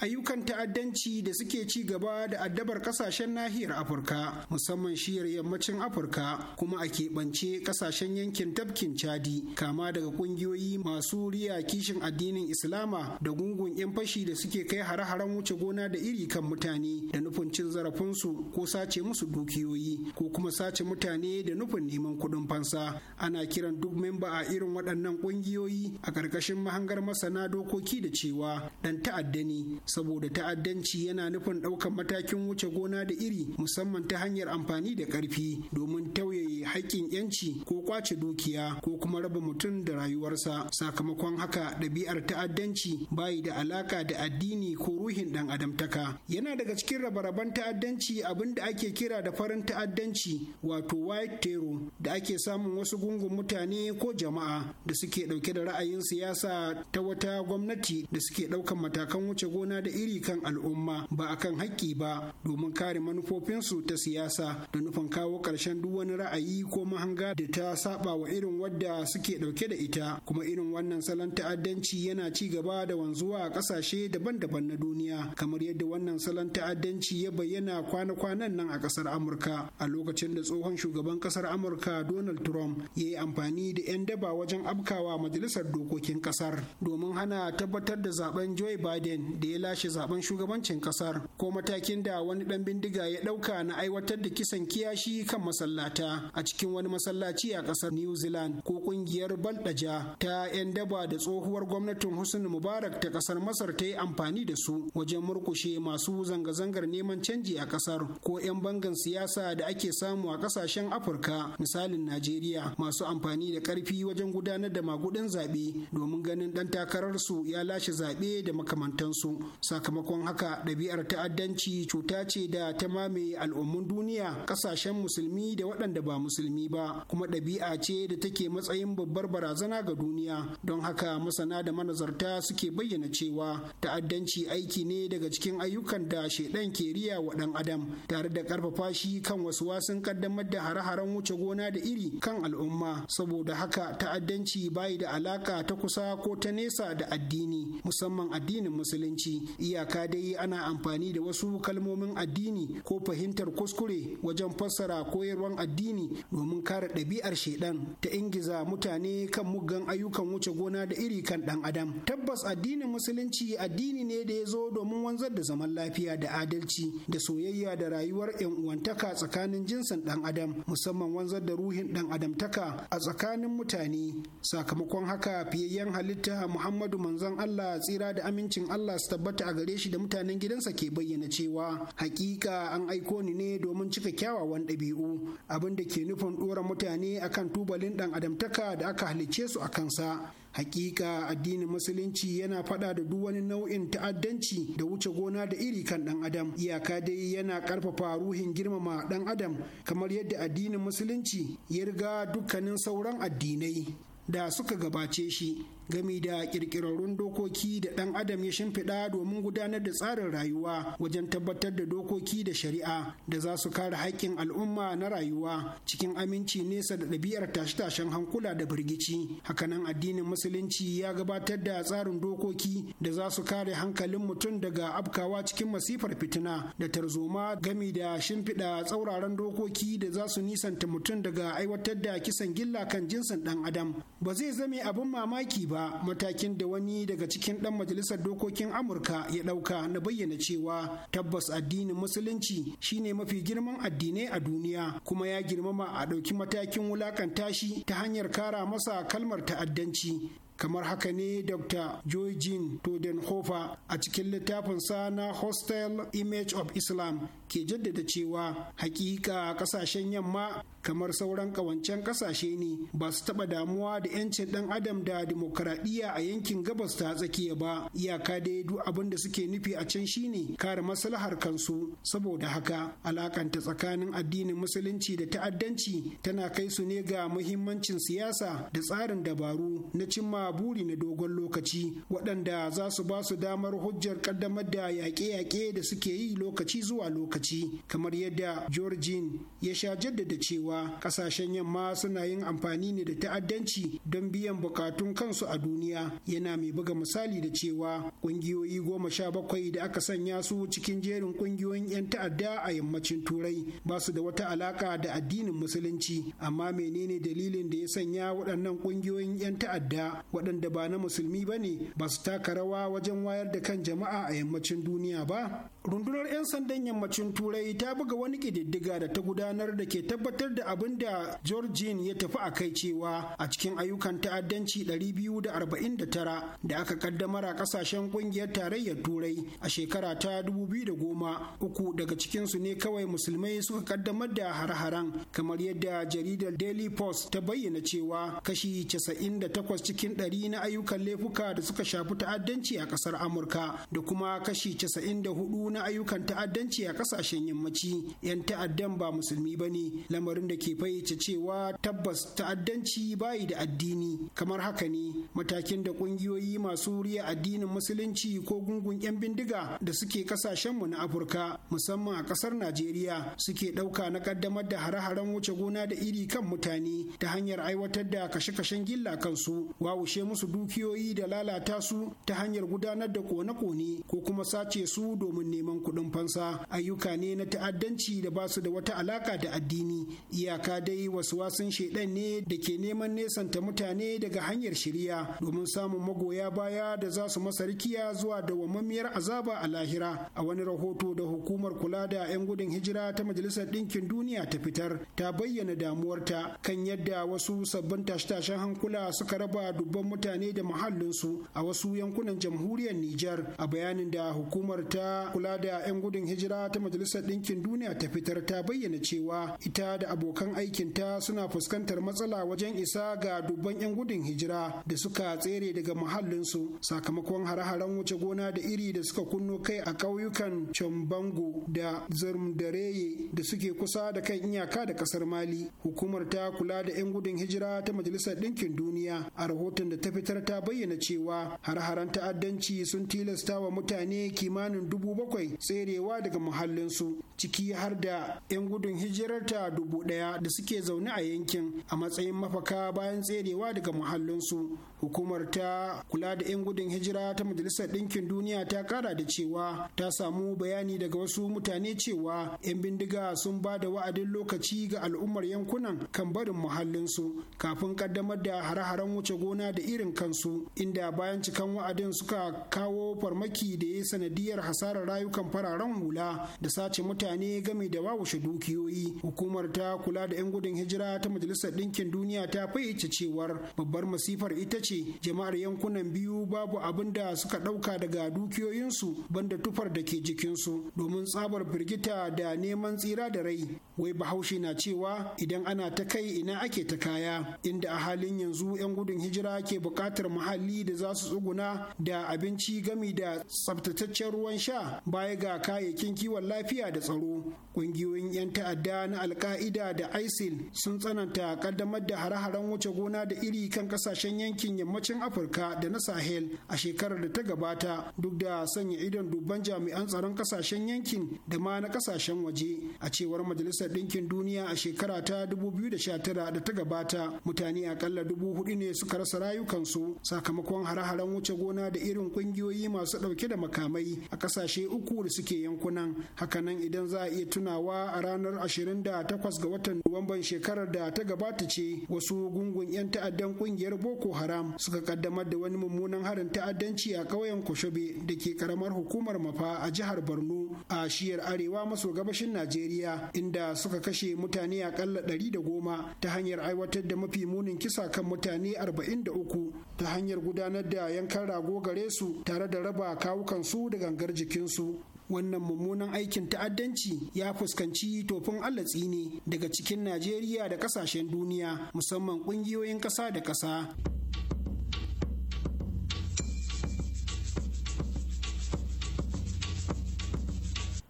ayyukan ta'addanci da suke ci gaba da addabar kasashen nahiyar afirka musamman shiyar yammacin afirka kuma a keɓance kasashen yankin tafkin chadi kama daga ƙungiyoyi masu riya kishin addinin islama da gungun 'yan fashi da suke kai hare-haren wuce gona da iri kan mutane da nufin cin zarafinsu ko sace musu dukiyoyi ko kuma sace mutane da nufin neman kuɗin fansa ana kiran duk memba a irin waɗannan ƙungiyoyi a ƙarƙashin mahangar masana dokoki da cewa dan ta'adda ne saboda ta'addanci yana nufin ɗaukar matakin wuce gona da iri musamman ta hanyar amfani da ƙarfi domin tauyaye haƙƙin 'yanci ko kwace dukiya ko kuma raba mutum da rayuwarsa sakamakon haka ɗabi'ar ta'addanci bayi da alaƙa da addini ko ruhin ɗan adamtaka yana daga cikin rabe-raben ta'addanci abin da ake kira da farin ta'addanci wato white terror da ake samun wasu gungun mutane ko jama'a da suke ɗauke da ra'ayin siyasa ta wata gwamnati da suke ɗaukan matakan wuce gona gona da iri kan al'umma ba a kan haƙƙi ba domin kare manufofinsu ta siyasa da nufin kawo ƙarshen duk wani ra'ayi ko mahanga da ta saba wa irin wadda suke ɗauke da ita kuma irin wannan salon ta'addanci yana ci gaba da wanzuwa a ƙasashe daban-daban na duniya kamar yadda wannan salon ta'addanci ya bayyana kwana-kwanan nan a ƙasar Amurka a lokacin da tsohon shugaban ƙasar Amurka Donald Trump ya yi amfani da 'yan daba wajen abkawa majalisar dokokin ƙasar domin hana tabbatar da zaben Joe Biden da ya lashe zaben shugabancin kasar ko matakin da wani dan bindiga ya dauka na aiwatar da kisan kiyashi kan masallata a cikin wani masallaci a kasar New Zealand ko kungiyar Baldaja ta 'yan daba da tsohuwar gwamnatin Husni Mubarak ta kasar Masar ta yi amfani da su wajen murkushe masu zanga-zangar neman canji a kasar ko 'yan bangan siyasa da ake samu a kasashen Afirka misalin Najeriya masu amfani da karfi wajen gudanar da magudin zaɓe domin ganin dan takararsu ya lashe zaɓe da makamantansu sakamakon haka ɗabi'ar ta'addanci cuta ce da ta mamaye al'ummun duniya ƙasashen musulmi da waɗanda ba musulmi ba kuma ɗabi'a ce da take matsayin babbar barazana ga duniya don haka masana da manazarta suke bayyana cewa ta'addanci aiki ne daga cikin ayyukan da shaidan ke riya wa ɗan adam tare da ƙarfafa shi kan wasu wasan ƙaddamar da hare-haren wuce gona da iri kan al'umma saboda haka ta'addanci bayi da alaka ta kusa ko ta nesa da addini musamman addinin musulunci iyaka dai ana amfani da wasu kalmomin addini ko fahimtar kuskure wajen fassara koyarwan addini domin kare ɗabi'ar shaidan ta ingiza mutane kan muggan ayyukan wuce gona da iri kan ɗan adam tabbas addinin musulunci addini ne da ya zo domin wanzar da zaman lafiya da adalci da soyayya da rayuwar 'yan uwantaka tsakanin jinsin ɗan adam musamman wanzar da ruhin ɗan adamtaka a tsakanin mutane sakamakon haka fiyayyen halitta muhammadu manzon allah tsira da amincin allah su tabbata tabbata a gare shi da mutanen gidansa ke bayyana cewa hakika an aiko ni ne domin cika kyawawan ɗabi'u abin da ke nufin ɗora mutane akan tubalin ɗan adamtaka da aka halicce su a kansa hakika addinin musulunci yana faɗa da duk wani nau'in ta'addanci da wuce gona da iri kan ɗan adam iyaka dai yana karfafa ruhin girmama ɗan adam kamar yadda addinin musulunci ya riga dukkanin sauran addinai da suka gabace shi gami da kirkirarrun dokoki da ɗan adam ya shimfiɗa domin gudanar da tsarin rayuwa wajen tabbatar da dokoki da shari'a da za su kare haƙƙin al'umma na rayuwa cikin aminci nesa da ɗabi'ar tashe-tashen hankula da birgici hakanan addinin musulunci ya gabatar da tsarin dokoki da za su kare hankalin mutum daga abkawa cikin masifar fitina da tarzoma gami da shimfiɗa tsauraran dokoki da za su nisanta mutum daga aiwatar da kisan gilla kan jinsin ɗan adam ba zai zame abin mamaki ba ba matakin da wani daga cikin ɗan majalisar dokokin Amurka ya ɗauka na bayyana cewa tabbas addinin musulunci shine mafi girman addinai a duniya kuma ya girmama a ɗauki matakin wulakanta shi ta hanyar kara masa kalmar ta'addanci kamar haka ne dr georgine todenhofer a cikin littafinsa na hostel image of islam ke jaddada cewa hakika kasashen yamma kamar sauran kawancen kasashe ne ba su taɓa damuwa da 'yancin ɗan adam da dimokuraɗiyya a yankin gabas ta tsakiya ba iyaka dai duk abin da suke nufi a can shine kare maslahar kansu saboda haka alakanta tsakanin addinin musulunci da ta'addanci tana kai su ne ga muhimmancin siyasa da tsarin dabaru na cimma buri na dogon lokaci waɗanda za su ba su damar hujjar ƙaddamar da yaƙe-yaƙe da suke yi lokaci zuwa lokaci kamar yadda Georgine ya sha jaddada cewa cewa kasashen yamma suna yin amfani ne da ta'addanci don biyan bukatun kansu a duniya yana mai buga misali da cewa kungiyoyi goma sha bakwai da aka sanya su cikin jerin kungiyoyin 'yan ta'adda a yammacin turai ba su da wata alaka da addinin musulunci amma menene dalilin da ya sanya waɗannan kungiyoyin 'yan ta'adda waɗanda ba na musulmi ba ne ba su taka rawa wajen wayar da kan jama'a a yammacin duniya ba rundunar 'yan sandan yammacin turai ta buga wani ƙididdiga da ta gudanar da ke tabbatar da abin da georgine ya tafi a kai cewa a cikin ayyukan ta'addanci 249 da aka kaddamar a ƙasashen ƙungiyar tarayyar turai a shekara ta 2010 uku daga cikinsu ne kawai musulmai suka kaddamar da har-haren kamar yadda jaridar daily post ta bayyana cewa kashi 98 cikin 100 na ayyukan laifuka da suka shafi ta'addanci a ƙasar amurka da kuma kashi 94 na na ayyukan ta'addanci a kasashen yammaci 'yan ta'addan ba musulmi ba ne lamarin da ke fayyace cewa tabbas ta'addanci bayi da addini kamar haka ne matakin da ƙungiyoyi masu riya addinin musulunci ko gungun 'yan bindiga da suke mu na afirka musamman a kasar najeriya suke ɗauka na ƙaddamar da hare-haren wuce gona da iri kan mutane ta hanyar aiwatar da kashe-kashen gilla kansu wawushe musu dukiyoyi da lalata su ta hanyar gudanar da kone-kone ko kuma sace su domin neman neman kuɗin fansa ayyuka ne na ta'addanci da ba su da wata alaka da addini iyaka dai wasu wasan shaidan ne da ke neman nesanta mutane daga hanyar shirya domin samun magoya baya da za su masa rikiya zuwa dawwammamiyar azaba a lahira a wani rahoto da hukumar kula da 'yan gudun hijira ta majalisar ɗinkin duniya ta fitar ta bayyana damuwarta kan yadda wasu sabbin tashe-tashen hankula suka raba dubban mutane da muhallinsu a wasu yankunan jamhuriyar Nijar a bayanin da hukumar ta kula kula da 'yan gudun hijira ta Majalisar Ɗinkin Duniya ta fitar ta bayyana cewa ita da abokan aikinta suna fuskantar matsala wajen isa ga dubban 'yan gudun hijira da suka tsere daga muhallinsu sakamakon hare-haren wuce gona da iri da suka kunno kai a ƙauyukan Chombango da zirmdareye da suke kusa da kan iyaka da ƙasar Mali. Hukumar ta kula da 'yan gudun hijira ta Majalisar Ɗinkin Duniya a rahoton da ta fitar ta bayyana cewa hare-haren ta'addanci sun tilasta wa mutane kimanin dubu bakwai bakwai tserewa daga muhallinsu ciki har da 'yan gudun hijirarta dubu ɗaya da suke zaune a yankin a matsayin mafaka bayan tserewa daga muhallinsu hukumar ta kula da 'yan gudun hijira ta majalisar ɗinkin duniya ta kara da cewa ta samu bayani daga wasu mutane cewa 'yan bindiga sun ba da wa'adin lokaci ga al'ummar yankunan kan barin muhallinsu kafin kaddamar da hare-haren wuce gona da irin kansu inda bayan cikan wa'adin suka kawo farmaki da ya sanadiyar hasarar rayuwa ayyukan fararen hula da sace mutane game da wawushe dukiyoyi hukumar ta kula da 'yan gudun hijira ta majalisar ɗinkin duniya ta fayyace cewar babbar masifar ita ce jama'ar yankunan biyu babu abin da suka ɗauka daga dukiyoyinsu banda tufar da ke jikinsu domin tsabar birgita da neman tsira da rai wai bahaushe na cewa idan ana ta kai ina ake ta kaya inda a halin yanzu 'yan gudun hijira ke buƙatar muhalli da za su tsuguna da abinci gami da tsabtataccen ruwan sha baya ga kayayyakin kiwon lafiya da tsaro ƙungiyoyin 'yan ta'adda na alka'ida da isil sun tsananta kaddamar da hare-haren wuce gona da iri kan ƙasashen yankin yammacin afirka da na sahel a shekarar da ta gabata duk da sanya idon dubban jami'an tsaron ƙasashen yankin da ma na ƙasashen waje a cewar majalisar ɗinkin duniya a shekara ta 2019 da ta gabata mutane akalla dubu hudu ne suka rasa rayukansu sakamakon hare-haren wuce gona da irin ƙungiyoyi masu ɗauke da makamai a ƙasashe uku uku da suke yankunan hakanan idan za a iya tunawa a ranar 28 ga watan nuwamban shekarar da ta gabata ce wasu gungun 'yan ta'addan kungiyar boko haram suka kaddamar da wani mummunan harin ta'addanci a ƙauyen koshobe da ke karamar hukumar mafa a jihar borno a shiyar arewa maso gabashin najeriya inda suka kashe mutane akalla goma ta hanyar aiwatar da mafi munin kisa kan mutane arba'in da uku ta hanyar gudanar da yankan rago gare su tare da raba kawukan su da gangar jikinsu wannan mummunan aikin ta'addanci ya fuskanci tofin allatsi ne daga cikin najeriya da kasashen duniya musamman kungiyoyin ƙasa da ƙasa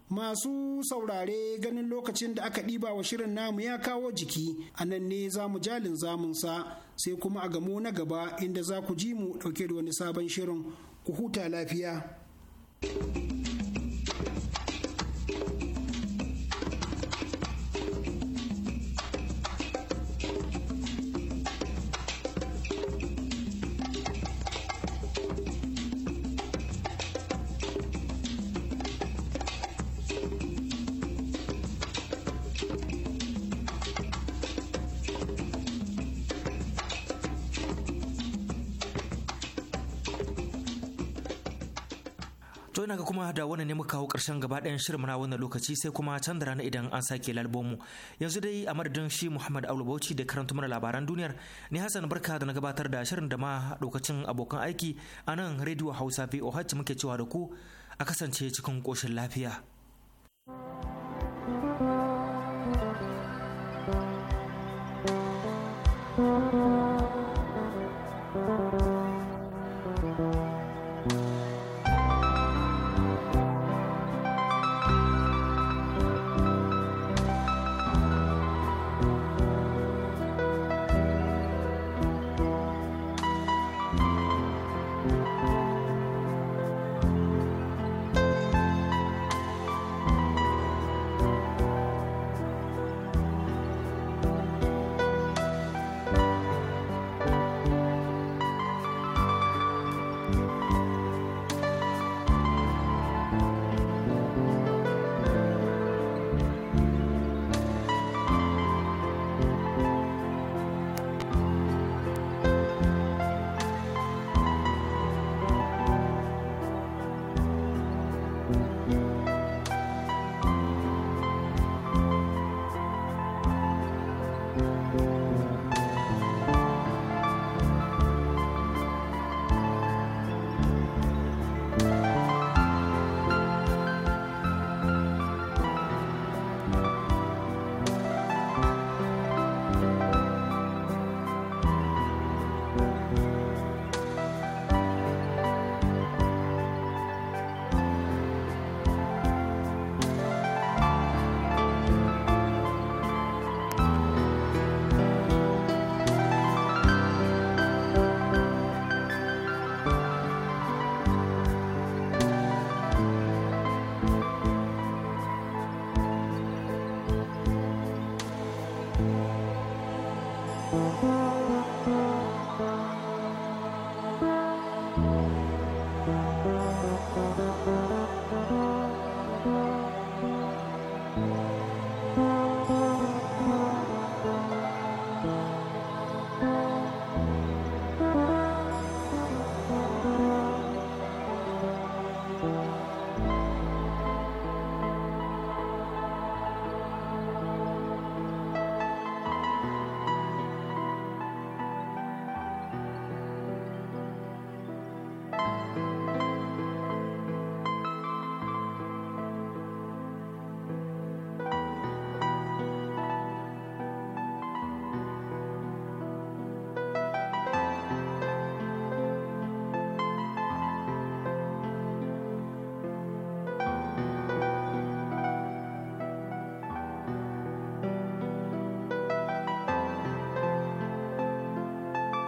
masu saurare ganin lokacin da aka ɗiba wa shirin namu ya kawo jiki a nan ne za mu jalin zamunsa sai kuma a gamo na gaba inda za ku ji mu ɗauke da wani sabon shirin ku huta lafiya. kuma da wani ne muka kawo ƙarshen gaba ɗayan shirin na wannan lokaci sai kuma canza rana idan an sake lalbomu yanzu dai a madadin shi Muhammad Aulu Bauchi da karanta mana labaran duniyar ni Hassan Barka da na gabatar da shirin da ma lokacin abokan aiki a nan Radio Hausa VOH muke cewa da ku a kasance cikin koshin lafiya.